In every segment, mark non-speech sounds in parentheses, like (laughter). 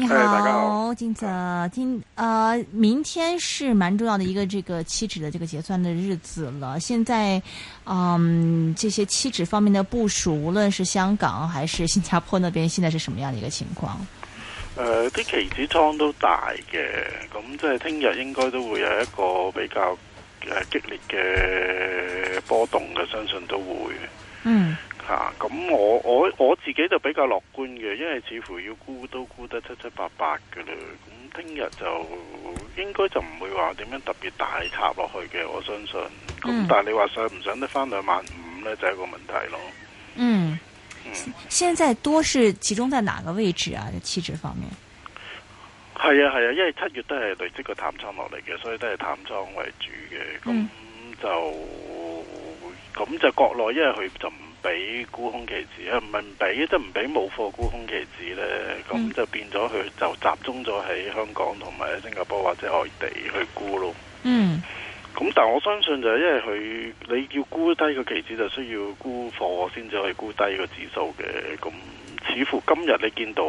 你好，hey，大家好，金子，今，呃，明天是蠻重要的一個這個期指的這個結算的日子了。現在，嗯、呃，這些期指方面的部署，無論是香港還是新加坡那邊，現在是什麼樣的一個情況？誒、呃，啲期指倉都大嘅，咁即係聽日應該都會有一個比較誒激烈嘅波動嘅，相信都會。嗯。咁、啊、我我我自己就比較樂觀嘅，因為似乎要估都估得七七八八嘅啦。咁聽日就應該就唔會話點樣特別大插落去嘅，我相信。咁、嗯、但係你話上唔上得翻兩萬五呢？就係、是、一個問題咯。嗯，嗯，現在多是集中在哪個位置啊？期指方面。係啊係啊，因為七月都係累積個淡倉落嚟嘅，所以都係淡倉為主嘅。咁、嗯、就咁就國內，因為佢就。唔。俾沽空期指啊，唔係唔俾，即係唔俾冇貨沽空期指咧，咁就變咗佢就集中咗喺香港同埋喺新加坡或者外地去沽咯。嗯，咁、嗯嗯嗯、但我相信就係因為佢，你要沽低個期指就需要沽貨先至可以沽低個指數嘅。咁、嗯、似乎今日你見到。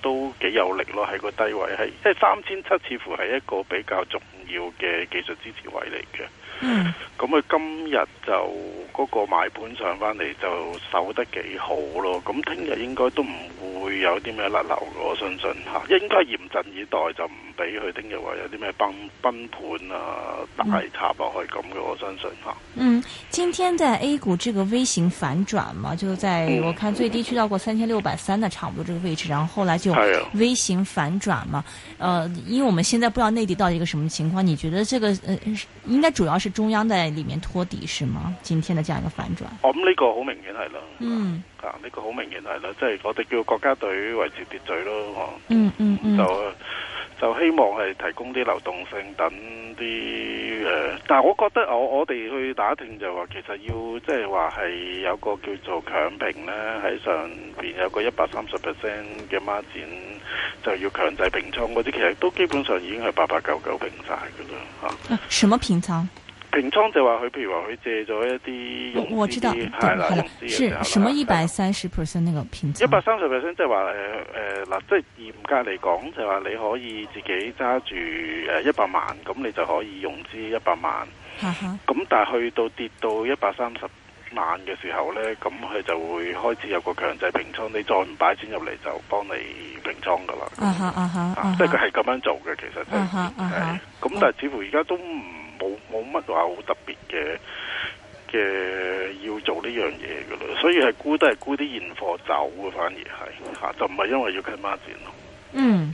都幾有力咯，喺個低位係，即係三千七似乎係一個比較重要嘅技術支持位嚟嘅。嗯，咁佢今日就嗰個買盤上翻嚟就守得幾好咯，咁聽日應該都唔會有啲咩甩漏。我相信吓，應該嚴陣以待，就唔俾佢聽日話有啲咩崩崩盤啊、大插落去咁嘅、嗯。我相信吓。嗯，今天在 A 股這個 V 型反轉嘛，就在、嗯、我看最低去到過三千六百三，的差不多這個位置，然後後來就 V 型反轉嘛、啊。呃，因為我們現在不知道內地到底一個什麼情況，你覺得這個呃應該主要是中央在裏面托底，是嗎？今天的這樣一個反轉？我諗呢個好明顯係啦。嗯。啊、嗯、呢、這個好明顯係啦，即、就、係、是、我哋叫國家隊維持秩序咯。嗯嗯嗯，就就希望係提供啲流動性等啲誒、呃，但係我覺得我我哋去打聽就話，其實要即係話係有個叫做強平咧，喺上邊有個一百三十 percent 嘅孖展，就要強制平倉嗰啲，其實都基本上已經係八八九九平晒噶啦吓。啊，什麼平倉？平倉就話佢，譬如話佢借咗一啲融資，我知道，係啦，是，是，啦是什麼一百三十 percent 呢個平倉？一百三十 percent 即係話誒誒嗱，即係嚴格嚟講，就話、是、你可以自己揸住誒一百萬，咁你就可以融資一百萬。咁、啊、但係去到跌到一百三十萬嘅時候咧，咁佢就會開始有個強制平倉，你再唔擺錢入嚟就幫你平倉噶啦、啊啊啊啊。即係佢係咁樣做嘅，其實係、就是。咁、啊啊嗯嗯、但係似乎而家都唔。啊冇乜話好特別嘅嘅要做呢樣嘢㗎喇，所以係沽都係沽啲現貨走啊，反而係就唔係因為要開孖展咯。嗯。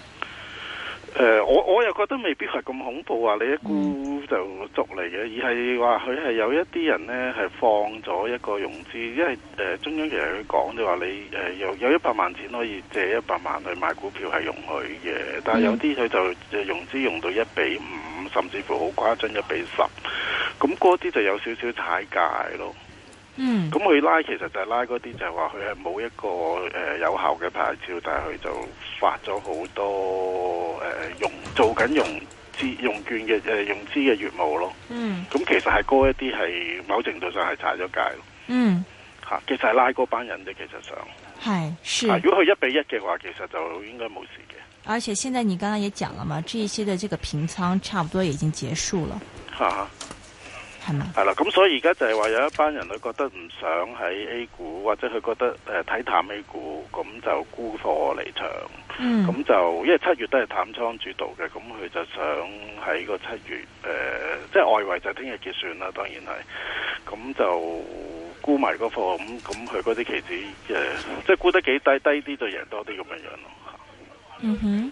誒、呃，我我又覺得未必係咁恐怖啊！你一沽就捉嚟嘅，而係話佢係有一啲人呢，係放咗一個融資，因為誒、呃、中央其實佢講就話你誒有、呃、有一百萬錢可以借一百萬去買股票係容許嘅，但係有啲佢就，嗯、就融資用到一比五，甚至乎好誇張一比十，咁嗰啲就有少少踩界咯。嗯，咁佢拉其實就係拉嗰啲就係話佢係冇一個誒、呃、有效嘅牌照，但係佢就發咗好多誒、呃、做緊融資融券嘅誒融資嘅業務咯。嗯，咁其實係嗰一啲係某程度上係踩咗界咯。嗯、吓、啊，其實係拉嗰班人嘅，其實上係、哎、是、啊。如果佢一比一嘅話，其實就應該冇事嘅。而且現在你剛剛也講了嘛，這一些的這個平倉差不多已經結束了。哈哈係啦，咁所以而家就係話有一班人佢覺得唔想喺 A 股，或者佢覺得誒睇、呃、淡 A 股，咁就沽貨離場。咁、嗯、就因為七月都係淡倉主導嘅，咁佢就想喺個七月誒、呃，即係外圍就聽日結算啦，當然係。咁就沽埋嗰貨，咁咁佢嗰啲期指誒、呃，即係沽得幾低低啲就贏多啲咁樣樣咯。嗯哼。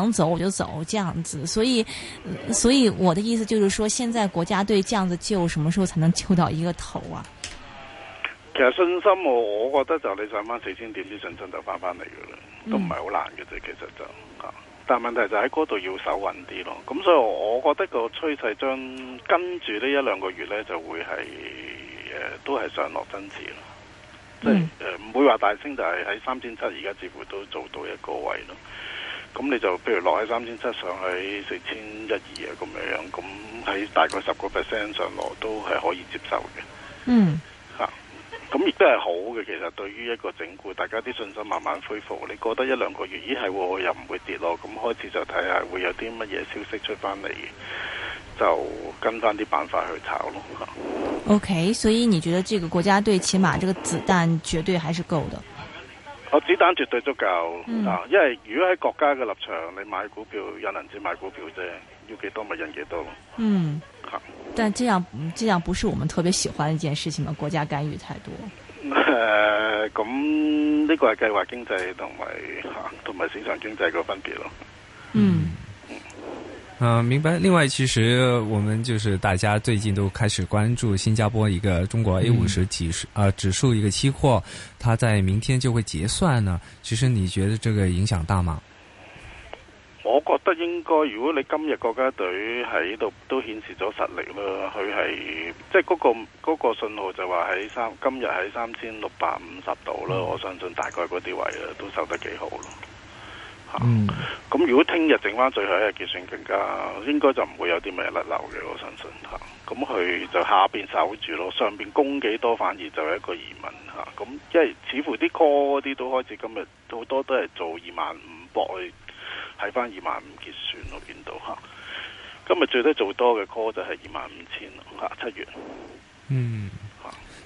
能走我就走，這樣子，所以所以我的意思就是說，現在國家隊這樣子救，什麼時候才能救到一個頭啊？其實信心我我覺得就你上翻四千點啲信心就翻翻嚟噶啦，都唔係好難嘅啫，其實就，嗯、但問題就喺嗰度要手穩啲咯。咁所以我覺得個趨勢將跟住呢一兩個月呢，就會係誒、呃、都係上落增值咯，即係誒唔會話大升，就係喺三千七而家幾乎都做到一個位咯。咁你就譬如落喺三千七上喺四千一二啊，咁樣樣，咁喺大概十個 percent 上落都係可以接受嘅。嗯，吓、啊，咁亦都係好嘅。其實對於一個整固，大家啲信心慢慢恢復，你覺得一兩個月咦係我、哎、又唔會跌咯，咁開始就睇下會有啲乜嘢消息出翻嚟，就跟翻啲辦法去炒咯。吓，OK，所以你覺得這個國家隊起碼這個子彈絕對還是夠的。我、哦、子彈絕對足夠，嗱、嗯啊，因為如果喺國家嘅立場，你買股票有銀紙買股票啫，要幾多咪印幾多咯。嗯，吓、啊，但這樣這樣不是我們特別喜歡嘅一件事情嗎？國家干預太多。誒、嗯，咁、啊、呢個係計劃經濟同埋吓，同、啊、埋市場經濟個分別咯。嗯。嗯、呃，明白。另外，其實我們就是大家最近都開始關注新加坡一個中國 A 五十指數，啊、嗯呃、指數一個期貨，它在明天就會結算呢。其實你覺得這個影響大嗎？我覺得應該，如果你今日國家隊喺度都顯示咗實力咯，佢係即係嗰個、嗰個信號就話喺三今日喺三千六百五十度啦、嗯。我相信大概嗰啲位啊都收得幾好咯。嗯，咁如果聽日整翻最後一日結算更加，應該就唔會有啲咩甩漏嘅，我相信吓。咁佢就下邊守住咯，上邊供幾多反而就係一個疑問吓。咁因為似乎啲 call 嗰啲都開始今日好多都係做二萬五搏去，喺翻二萬五結算我見到吓。今日最低做多嘅 call 就係二萬五千吓，七月。嗯，嗯。嗯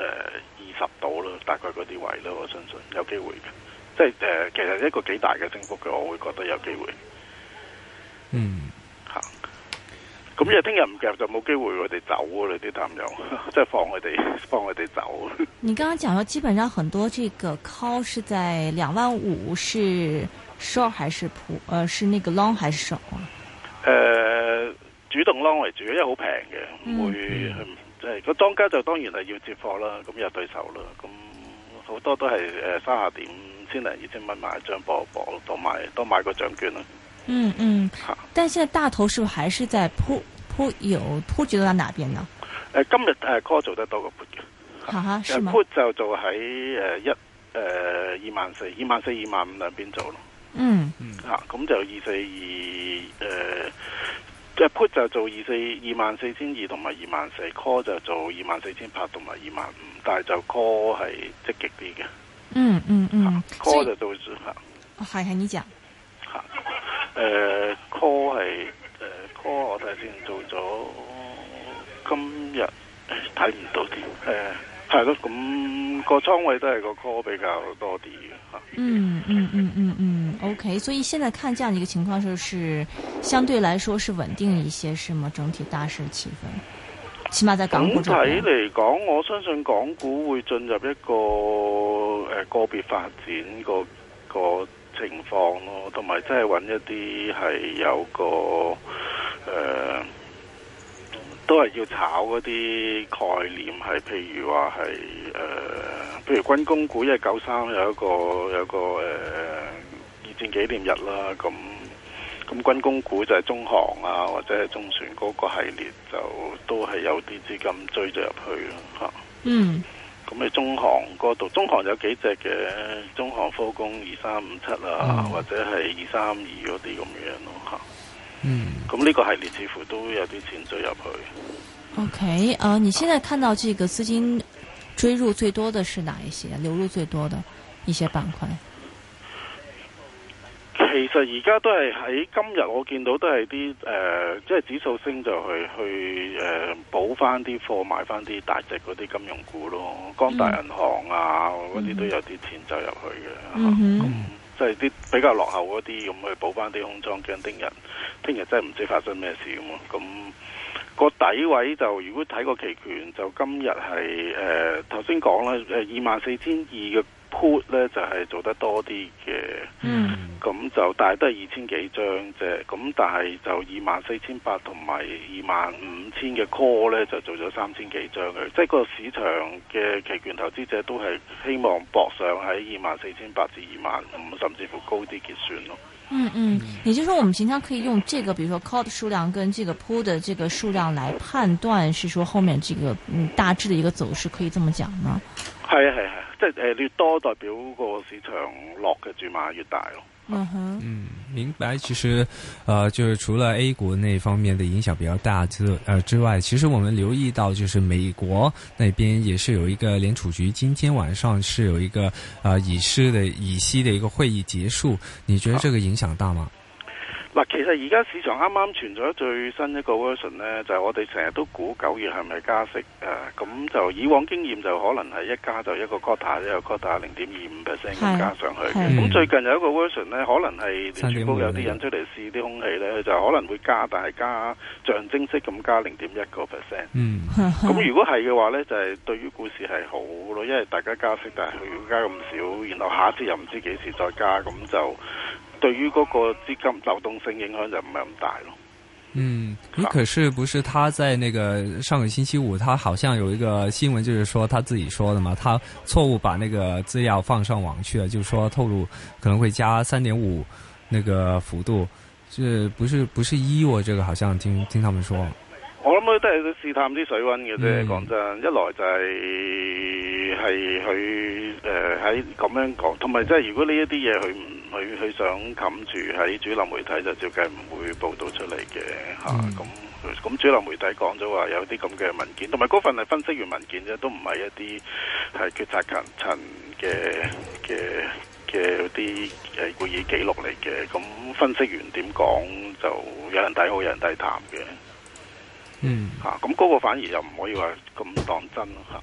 誒、呃，二十度咯，大概嗰啲位咯，我相信有機會嘅，即係誒、呃，其實一個幾大嘅升幅嘅，我會覺得有機會。嗯，吓，咁即係聽日唔夾就冇機會我、啊，我哋走啦啲探友， (laughs) 即係放佢哋，放佢哋走。你剛剛講咗基本上，很多這個 call 是在兩萬五，是 short 還是 put 誒、呃，是那個 long 還是 short 啊、呃？誒，主動 long 為主，因為好平嘅，唔、嗯、會。嗯即係個莊家就當然係要接貨啦，咁有對手啦，咁好多都係誒三十點千零二千蚊買一張博博，多買多買個獎券嗯嗯。吓、嗯，但現在大頭是不是還是在鋪鋪有鋪住到喺哪邊呢？誒、嗯嗯嗯，今日誒 call 做得多個 put 嘅。吓吓，put 就做喺誒一誒二萬四、二萬四、二萬五兩邊做咯。嗯嗯。吓，咁就二四二誒。一 put 就做二四二萬四千二，同埋二萬四；call 就做二萬四千八，同埋二萬五。但係就 call 係積極啲嘅。嗯嗯嗯，call 就做主拍。係、啊、係，呢隻。吓，誒、啊、call 係，誒，call 我睇先做咗今日睇唔到啲。誒，係咯，咁個倉位都係個 call 比較多啲嘅。嗯嗯嗯嗯嗯。嗯嗯嗯嗯。O.K.，所以現在看這樣一個情況，就是相對來說是穩定一些，是嗎？整體大市氣氛，起碼在港股整體嚟講，我相信港股會進入一個誒、呃、個別發展個個情況咯，同埋即係搵一啲係有個誒、呃，都係要炒嗰啲概念，係譬如話係誒，譬、呃、如軍工股一九三有一個有一個誒。呃紀念日啦，咁咁軍工股就係中航啊，或者係中船嗰個系列就都係有啲資金追咗入去咯，吓、啊。嗯。咁你中航嗰度，中航有幾隻嘅，中航科工二三五七啊、嗯，或者係二三二嗰啲咁樣咯，吓、啊。嗯。咁呢個系列似乎都有啲錢追入去。OK，、uh, 啊，你現在看到這個資金追入最多的是哪一些？流入最多的一些板塊？其實而家都係喺今日，我見到都係啲誒，即、呃、係、就是、指數升就去去誒補翻啲貨，買翻啲大隻嗰啲金融股咯，光大銀行啊嗰啲都有啲錢就入去嘅，吓、嗯，即係啲比較落後嗰啲咁去補翻啲空倉。驚聽日，聽日真係唔知發生咩事咁。咁、嗰個底位就如果睇個期權，就今日係誒頭先講啦，誒、呃、二萬四千二嘅。put 咧就係、是、做得多啲嘅，咁、嗯、就大都係二千幾張啫，咁但係就二萬四千八同埋二萬五千嘅 call 咧就做咗三千幾張嘅，即、就、係、是、個市場嘅期權投資者都係希望博上喺二萬四千八至二萬五，甚至乎高啲結算咯。嗯嗯，也就是說，我們平常可以用這個，比如說 call 的數量跟這個 put 的這個數量來判斷，是說後面這個嗯大致的一個走勢，可以這麼講嗎？係啊係係。即係誒，越、呃、多代表個市場落嘅注碼越大咯。嗯哼，嗯，明白。其實，呃，就是除了 A 股那方面的影響比較大之呃之外，其實我們留意到，就是美國那邊也是有一個聯儲局今天晚上是有一個啊、呃，議息的議息的一個會議結束。你覺得這個影響大嗎？Uh-huh. 嗱，其實而家市場啱啱傳咗最新一個 version 咧，就係、我哋成日都估九月係咪加息？誒、啊，咁就以往經驗就可能係一加就一個 quarter，一個 quarter 零點二五 percent 咁加上去。咁最近有一個 version 咧，可能係傳播有啲引出嚟試啲空氣咧，就可能會加，但係加象徵式咁加零點一個 percent。咁、嗯、如果係嘅話咧，就係、是、對於股市係好咯，因為大家加息，但係佢加咁少，然後下一次又唔知幾時再加，咁就。對於嗰個資金流動性影響就唔係咁大咯。嗯，你可是不是？他在那個上個星期五，他好像有一個新聞，就是說他自己說的嘛，他錯誤把那個資料放上網去了，就是說透露可能會加三點五那個幅度，是不是？不是一，我這個好像聽聽他們說。我諗佢都係去試探啲水温嘅啫。講真，一來就係係佢誒喺咁樣講，同埋即係如果呢一啲嘢佢唔。佢佢想冚住，喺主流媒體就照計唔會報導出嚟嘅嚇，咁咁主流媒體講咗話有啲咁嘅文件，同埋嗰份係分析員文件啫，都唔係一啲係決策層層嘅嘅嘅嗰啲會議記錄嚟嘅。咁、啊、分析員點講就有人睇好，有人睇淡嘅，嗯咁嗰、啊、個反而又唔可以話咁當真咯、啊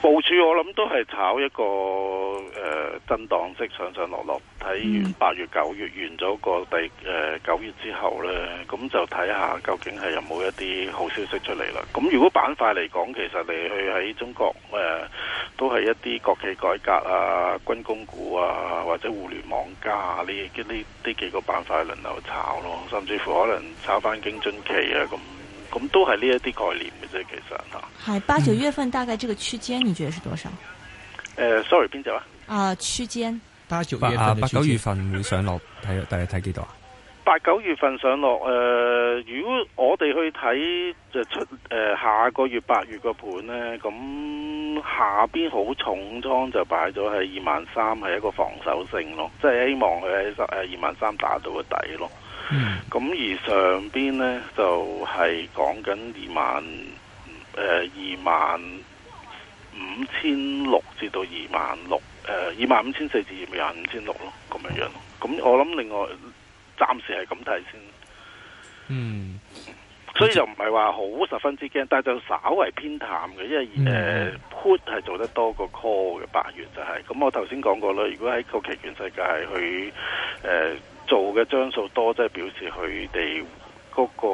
部署我諗都係炒一個誒、呃、震盪式上上落落，睇完八月九月完咗個第誒九、呃、月之後呢，咁就睇下究竟係有冇一啲好消息出嚟啦。咁如果板塊嚟講，其實你去喺中國誒、呃、都係一啲國企改革啊、軍工股啊或者互聯網加呢啲呢啲幾個板塊輪流炒咯，甚至乎可能炒翻京津冀啊咁。咁都係呢一啲概念嘅啫，其實吓。喺八九月份大概這個區間，你覺得是多少？誒、嗯呃、，sorry，邊隻啊？啊、呃，區間。八九月八八九月份會上落睇，但睇幾多啊？八,八九月份上落誒、呃，如果我哋去睇就出誒、呃，下個月八月個盤咧，咁下邊好重倉就擺咗係二萬三，係一個防守性咯，即係希望佢喺十誒二萬三打到個底咯。咁、嗯、而上邊呢，就係講緊二萬，誒、呃、二萬五千六至到二萬六，誒、呃、二萬五千四至二萬五千六咯，咁樣樣。咁我諗另外暫時係咁睇先。嗯，所以就唔係話好十分之驚，但係就稍為偏淡嘅，因為誒、嗯呃、put 係做得多過 call 嘅八月就係、是。咁我頭先講過啦，如果喺個期權世界去誒。呃做嘅張數多，即係表示佢哋嗰個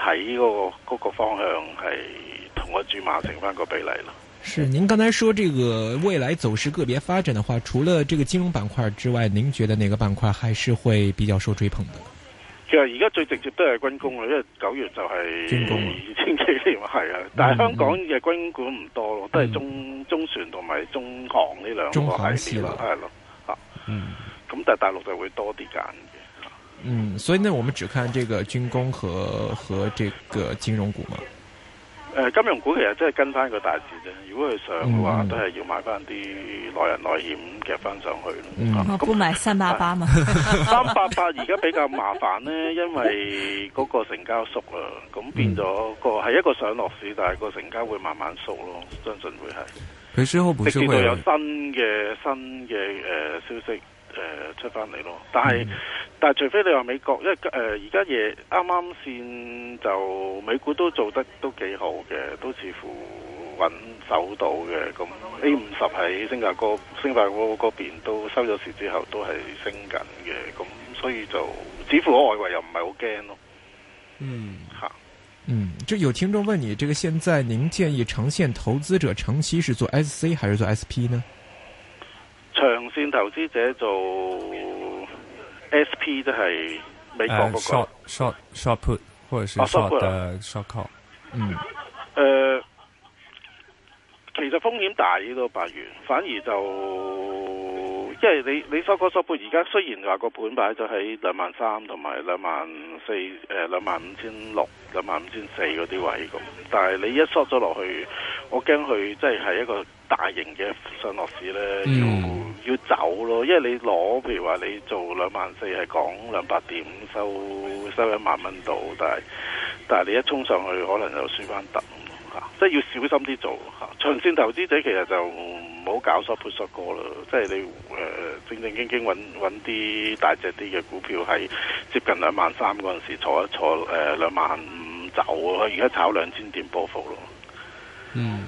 睇嗰、嗰個嗰個方向係同一個注碼成翻個比例咯。是，您剛才說這個未來走勢個別發展的話，除了這個金融板塊之外，您覺得哪個板塊還是會比較受追捧的？的其實而家最直接都係軍工咯，因為九月就係軍工，千幾千萬係啊。但係香港嘅軍工唔多咯、嗯，都係中、嗯、中船同埋中航呢兩個。中航係咯，係咯，啊，嗯。咁但係大陸就會多啲揀嘅。嗯，所以呢，我們只看這個軍工和和這個金融股嘛。誒，金融股其實真係跟翻個大市啫。如果佢上嘅話，嗯、都係要買翻啲內人內險夾翻上去咯、嗯啊。我唔買三八八嘛，三八八而家比較麻煩呢， (laughs) 因為嗰個成交縮啦，咁變咗個係、嗯、一個上落市，但係個成交會慢慢縮咯，相信會係。佢需要唔需要有新嘅新嘅誒、呃、消息？誒、呃，出翻嚟咯！但係、嗯、但係，除非你話美國，因為誒而家嘢啱啱先，呃、剛剛就美股都做得都幾好嘅，都似乎穩走到嘅。咁 A 五十喺新加坡、新加坡嗰邊都收咗市之後都係升緊嘅。咁所以就似乎我外圍又唔係好驚咯。嗯，吓、啊，嗯，就有聽眾問你，這個現在您建議長線投資者長期是做 SC 還是做 SP 呢？長線投資者做 SP 即係美國嗰、嗰個、uh, short short short put，或者 short、uh, short, uh, short call，uh, 嗯誒，其實風險大啲咯，八月反而就，因為你你 short cut, short put，而家雖然話個盤擺咗喺兩萬三同埋兩萬四誒兩萬五千六兩萬五千四嗰啲位咁，但係你一 short 咗落去，我驚佢即係係一個。大型嘅上落市咧，要要走咯，因為你攞譬如話你做兩萬四係講兩百點，收收一萬蚊度，但係但係你一衝上去可能又輸翻得，即係要小心啲做。長線投資者其實就唔好搞 short put short 過咯，即係你誒、呃、正正經經揾揾啲大隻啲嘅股票係接近兩萬三嗰陣時候坐一坐誒兩萬五走，而家炒兩千點波幅咯，嗯。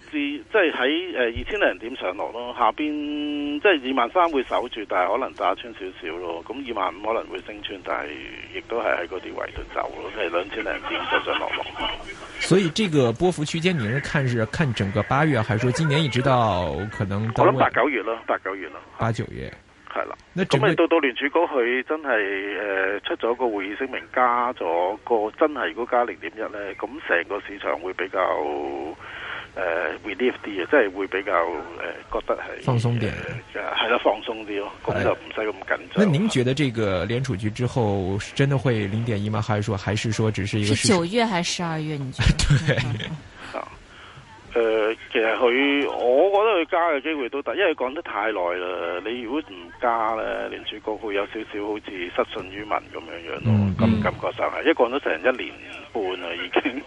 即係喺誒二千零點上落咯，下邊即係二萬三會守住，但係可能打穿少少咯。咁二萬五可能會升穿，但係亦都係喺嗰啲位度走咯，即係兩千零點上上落落。所以，這個波幅區間，你是看是看整個八月，還是説今年一直到可能到？我諗八九月咯，八九月咯，八九月係啦。咁到到聯儲局佢真係誒出咗個會議聲明，加咗個真係如果加零點一咧，咁成個市場會比較。誒、呃、relief 啲啊，即係會比較誒、呃，覺得係放鬆啲，係啦，放鬆啲咯，咁、呃、就唔使咁緊張、哎。那您覺得這個聯儲局之後真的會零點一嗎？還是說還是說只是一個？是九月還是十二月？你覺得？ (laughs) 對、嗯嗯呃，其實佢，我覺得佢加嘅機會都大，因為佢講得太耐啦。你如果唔加咧，聯儲局會有少少好似失信於民咁樣樣咯。咁、嗯、感，感覺上係，一、嗯、講咗成一年半啦已經。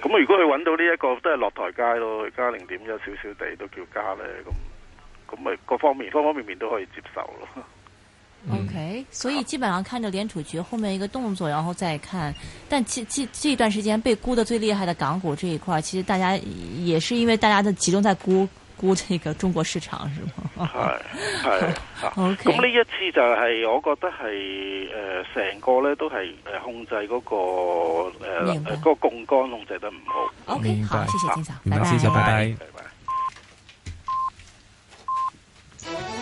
咁如果佢揾到呢一個都係落台階咯，加零點一少少地都叫加咧，咁咁咪各方面方方面面都可以接受咯。OK，嗯，所以基本上看着聯儲局後面一個動作，然後再看。但其這這段時間被沽得最厲害的港股這一塊，其實大家也是因為大家都集中在沽。估呢個中國市場係咪？係係。O K，咁呢一次就係、是，我覺得係誒成個咧都係誒控制嗰、那個誒嗰、呃呃那個槓桿控制得唔好。O、okay, K，好，謝謝先生、啊，拜拜，拜拜。拜拜拜拜。